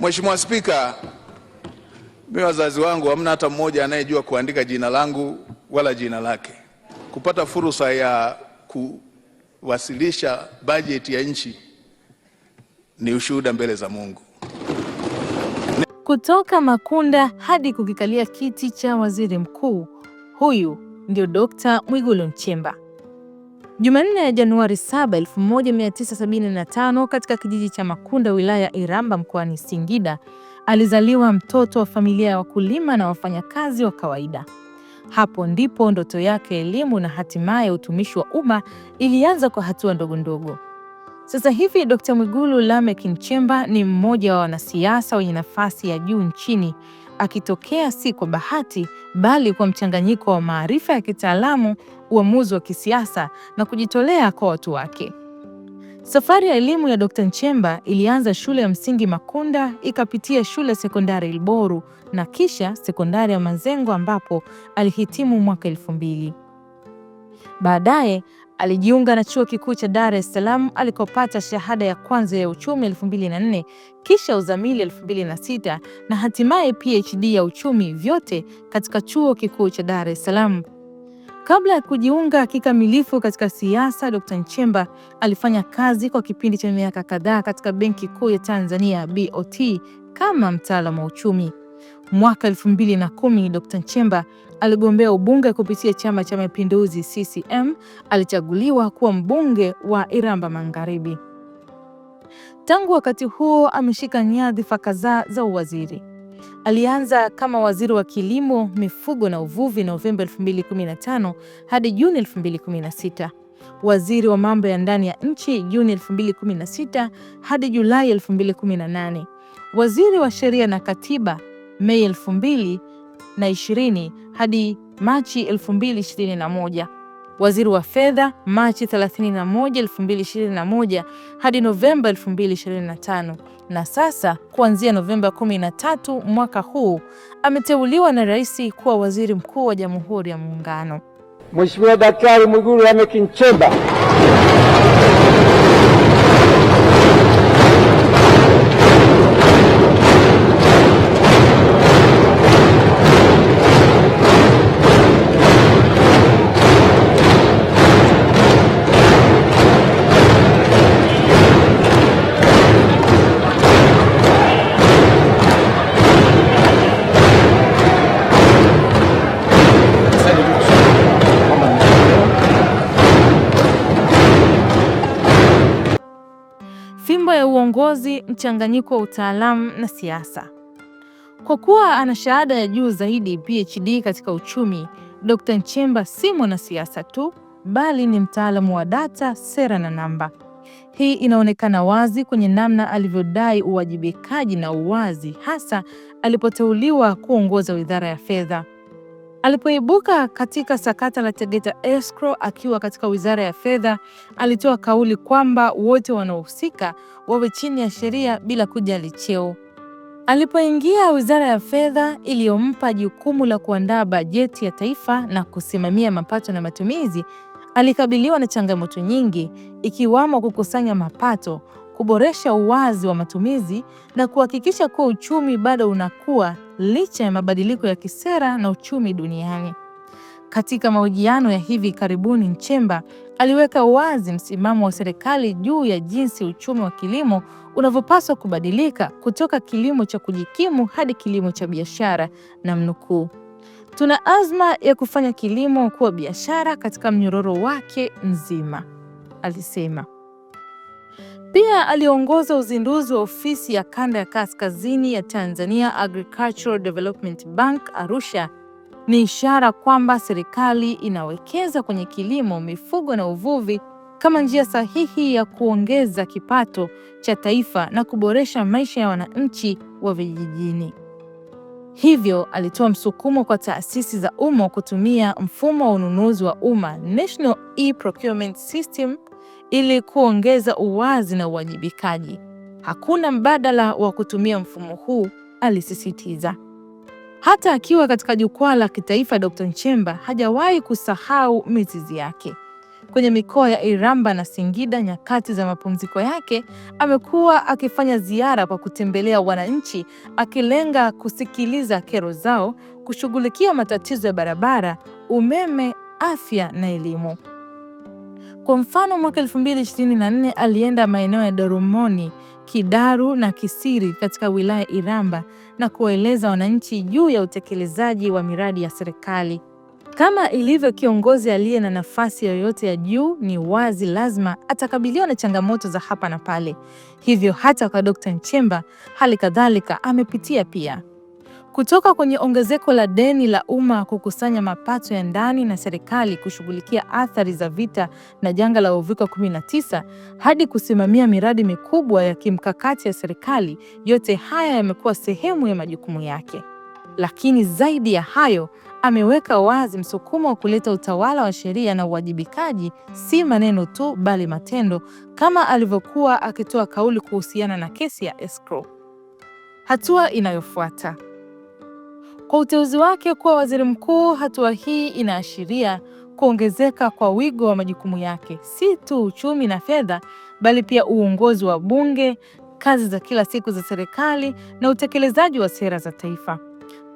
Mheshimiwa Spika, mimi wazazi wangu hamna hata mmoja anayejua kuandika jina langu wala jina lake. Kupata fursa ya kuwasilisha bajeti ya nchi ni ushuhuda mbele za Mungu. Kutoka Makunda hadi kukikalia kiti cha waziri mkuu, huyu ndio Dkt. Mwigulu Nchemba. Jumanne ya Januari 7, 1975 katika kijiji cha Makunda wilaya ya Iramba mkoani Singida alizaliwa mtoto wa familia ya wakulima na wafanyakazi wa kawaida. Hapo ndipo ndoto yake elimu na hatimaye utumishi wa umma ilianza kwa hatua ndogo ndogo. Sasa hivi Dkt. Mwigulu Lameck Nchemba ni mmoja wa wanasiasa wenye nafasi ya juu nchini akitokea si kwa bahati, bali kwa mchanganyiko wa maarifa ya kitaalamu, uamuzi wa kisiasa na kujitolea kwa watu wake. Safari ya elimu ya Dr. Nchemba ilianza shule ya msingi Makunda, ikapitia shule sekondari Ilboru na kisha sekondari ya Mazengo ambapo alihitimu mwaka elfu mbili. Baadaye Alijiunga na chuo kikuu cha Dar es Salaam alikopata shahada ya kwanza ya uchumi 2004, kisha uzamili 2006 na hatimaye PhD ya uchumi, vyote katika chuo kikuu cha Dar es Salaam. Kabla ya kujiunga kikamilifu katika siasa, Dr. Nchemba alifanya kazi kwa kipindi cha miaka kadhaa katika Benki Kuu ya Tanzania BOT kama mtaalamu wa uchumi. Mwaka 2010 Dr. Nchemba aligombea ubunge kupitia Chama cha Mapinduzi CCM, alichaguliwa kuwa mbunge wa Iramba Magharibi. Tangu wakati huo ameshika nyadhifa kadhaa za uwaziri. Alianza kama waziri wa kilimo, mifugo na uvuvi Novemba 2015 hadi Juni 2016, waziri wa mambo ya ndani ya nchi Juni 2016 hadi Julai 2018, waziri wa sheria na katiba Mei 2020 hadi Machi 2021, waziri wa fedha Machi 31, 2021 hadi Novemba 2025, na sasa kuanzia Novemba 13 mwaka huu ameteuliwa na rais kuwa waziri mkuu wa Jamhuri ya Muungano. Mheshimiwa Daktari Mwigulu Lameck Nchemba. fimbo ya uongozi, mchanganyiko wa utaalamu na siasa. Kwa kuwa ana shahada ya juu zaidi PhD katika uchumi, Dr. Nchemba si mwanasiasa tu, bali ni mtaalamu wa data, sera na namba. Hii inaonekana wazi kwenye namna alivyodai uwajibikaji na uwazi, hasa alipoteuliwa kuongoza Wizara ya Fedha. Alipoibuka katika sakata la Tegeta Escrow akiwa katika Wizara ya Fedha, alitoa kauli kwamba wote wanaohusika wawe chini ya sheria bila kujali cheo. Alipoingia Wizara ya Fedha iliyompa jukumu la kuandaa bajeti ya taifa na kusimamia mapato na matumizi, alikabiliwa na changamoto nyingi ikiwamo kukusanya mapato, kuboresha uwazi wa matumizi na kuhakikisha kuwa uchumi bado unakuwa licha ya mabadiliko ya kisera na uchumi duniani. Katika mahojiano ya hivi karibuni, Nchemba aliweka wazi msimamo wa serikali juu ya jinsi uchumi wa kilimo unavyopaswa kubadilika kutoka kilimo cha kujikimu hadi kilimo cha biashara, na mnukuu, tuna azma ya kufanya kilimo kuwa biashara katika mnyororo wake mzima, alisema. Pia aliongoza uzinduzi wa ofisi ya kanda ya kaskazini ya Tanzania Agricultural Development Bank Arusha. Ni ishara kwamba serikali inawekeza kwenye kilimo, mifugo na uvuvi kama njia sahihi ya kuongeza kipato cha taifa na kuboresha maisha ya wananchi wa vijijini. Hivyo alitoa msukumo kwa taasisi za umma kutumia mfumo wa ununuzi wa umma National E-Procurement System ili kuongeza uwazi na uwajibikaji. Hakuna mbadala wa kutumia mfumo huu, alisisitiza. Hata akiwa katika jukwaa la kitaifa, Dr. Nchemba hajawahi kusahau mizizi yake. Kwenye mikoa ya Iramba na Singida, nyakati za mapumziko yake, amekuwa akifanya ziara kwa kutembelea wananchi, akilenga kusikiliza kero zao, kushughulikia matatizo ya barabara, umeme, afya na elimu. Kwa mfano, mwaka 2024 alienda maeneo ya Dorumoni, Kidaru na Kisiri katika wilaya Iramba na kuwaeleza wananchi juu ya utekelezaji wa miradi ya serikali. Kama ilivyo kiongozi aliye na nafasi yoyote ya juu, ni wazi lazima atakabiliwa na changamoto za hapa na pale. Hivyo hata kwa Dkt. Nchemba hali kadhalika amepitia pia kutoka kwenye ongezeko la deni la umma, kukusanya mapato ya ndani na serikali kushughulikia athari za vita na janga la Uviko 19 hadi kusimamia miradi mikubwa ya kimkakati ya serikali, yote haya yamekuwa sehemu ya majukumu yake. Lakini zaidi ya hayo, ameweka wazi msukumo wa kuleta utawala wa sheria na uwajibikaji, si maneno tu, bali matendo, kama alivyokuwa akitoa kauli kuhusiana na kesi ya escrow. Hatua inayofuata kwa uteuzi wake kuwa waziri mkuu, hatua hii inaashiria kuongezeka kwa wigo wa majukumu yake, si tu uchumi na fedha, bali pia uongozi wa bunge, kazi za kila siku za serikali na utekelezaji wa sera za taifa.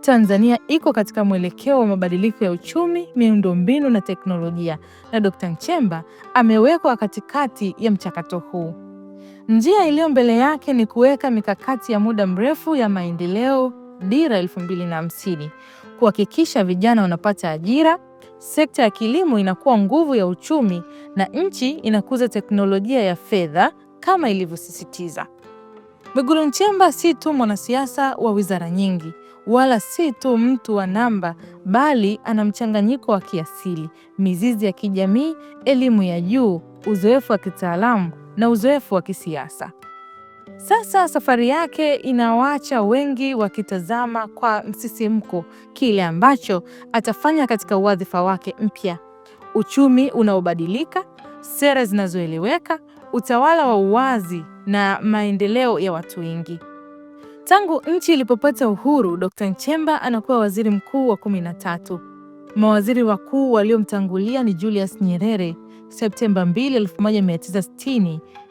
Tanzania iko katika mwelekeo wa mabadiliko ya uchumi, miundombinu na teknolojia, na Dkt. Nchemba amewekwa katikati ya mchakato huu. Njia iliyo mbele yake ni kuweka mikakati ya muda mrefu ya maendeleo Dira 2050 kuhakikisha vijana wanapata ajira, sekta ya kilimo inakuwa nguvu ya uchumi na nchi inakuza teknolojia ya fedha kama ilivyosisitiza. Mwigulu Nchemba si tu mwanasiasa wa wizara nyingi wala si tu mtu wa namba, bali ana mchanganyiko wa kiasili, mizizi ya kijamii, elimu ya juu, uzoefu wa kitaalamu na uzoefu wa kisiasa. Sasa safari yake inawaacha wengi wakitazama kwa msisimko kile ambacho atafanya katika wadhifa wake mpya: uchumi unaobadilika, sera zinazoeleweka, utawala wa uwazi na maendeleo ya watu wengi. Tangu nchi ilipopata uhuru, d Nchemba anakuwa waziri mkuu wa 13. Mawaziri wakuu waliomtangulia ni Julius Nyerere Septemba 2, 1960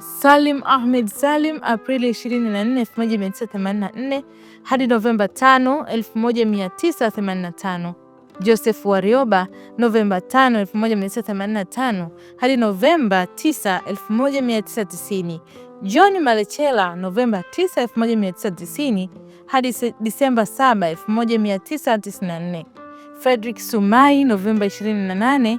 Salim Ahmed Salim Aprili 24, 1984 hadi Novemba 5, 1985. Joseph Warioba Novemba 5, 1985 hadi Novemba 9, 1990. John Malechela Novemba 9, 1990 hadi Disemba 7, 1994. Frederick Sumai Novemba 28,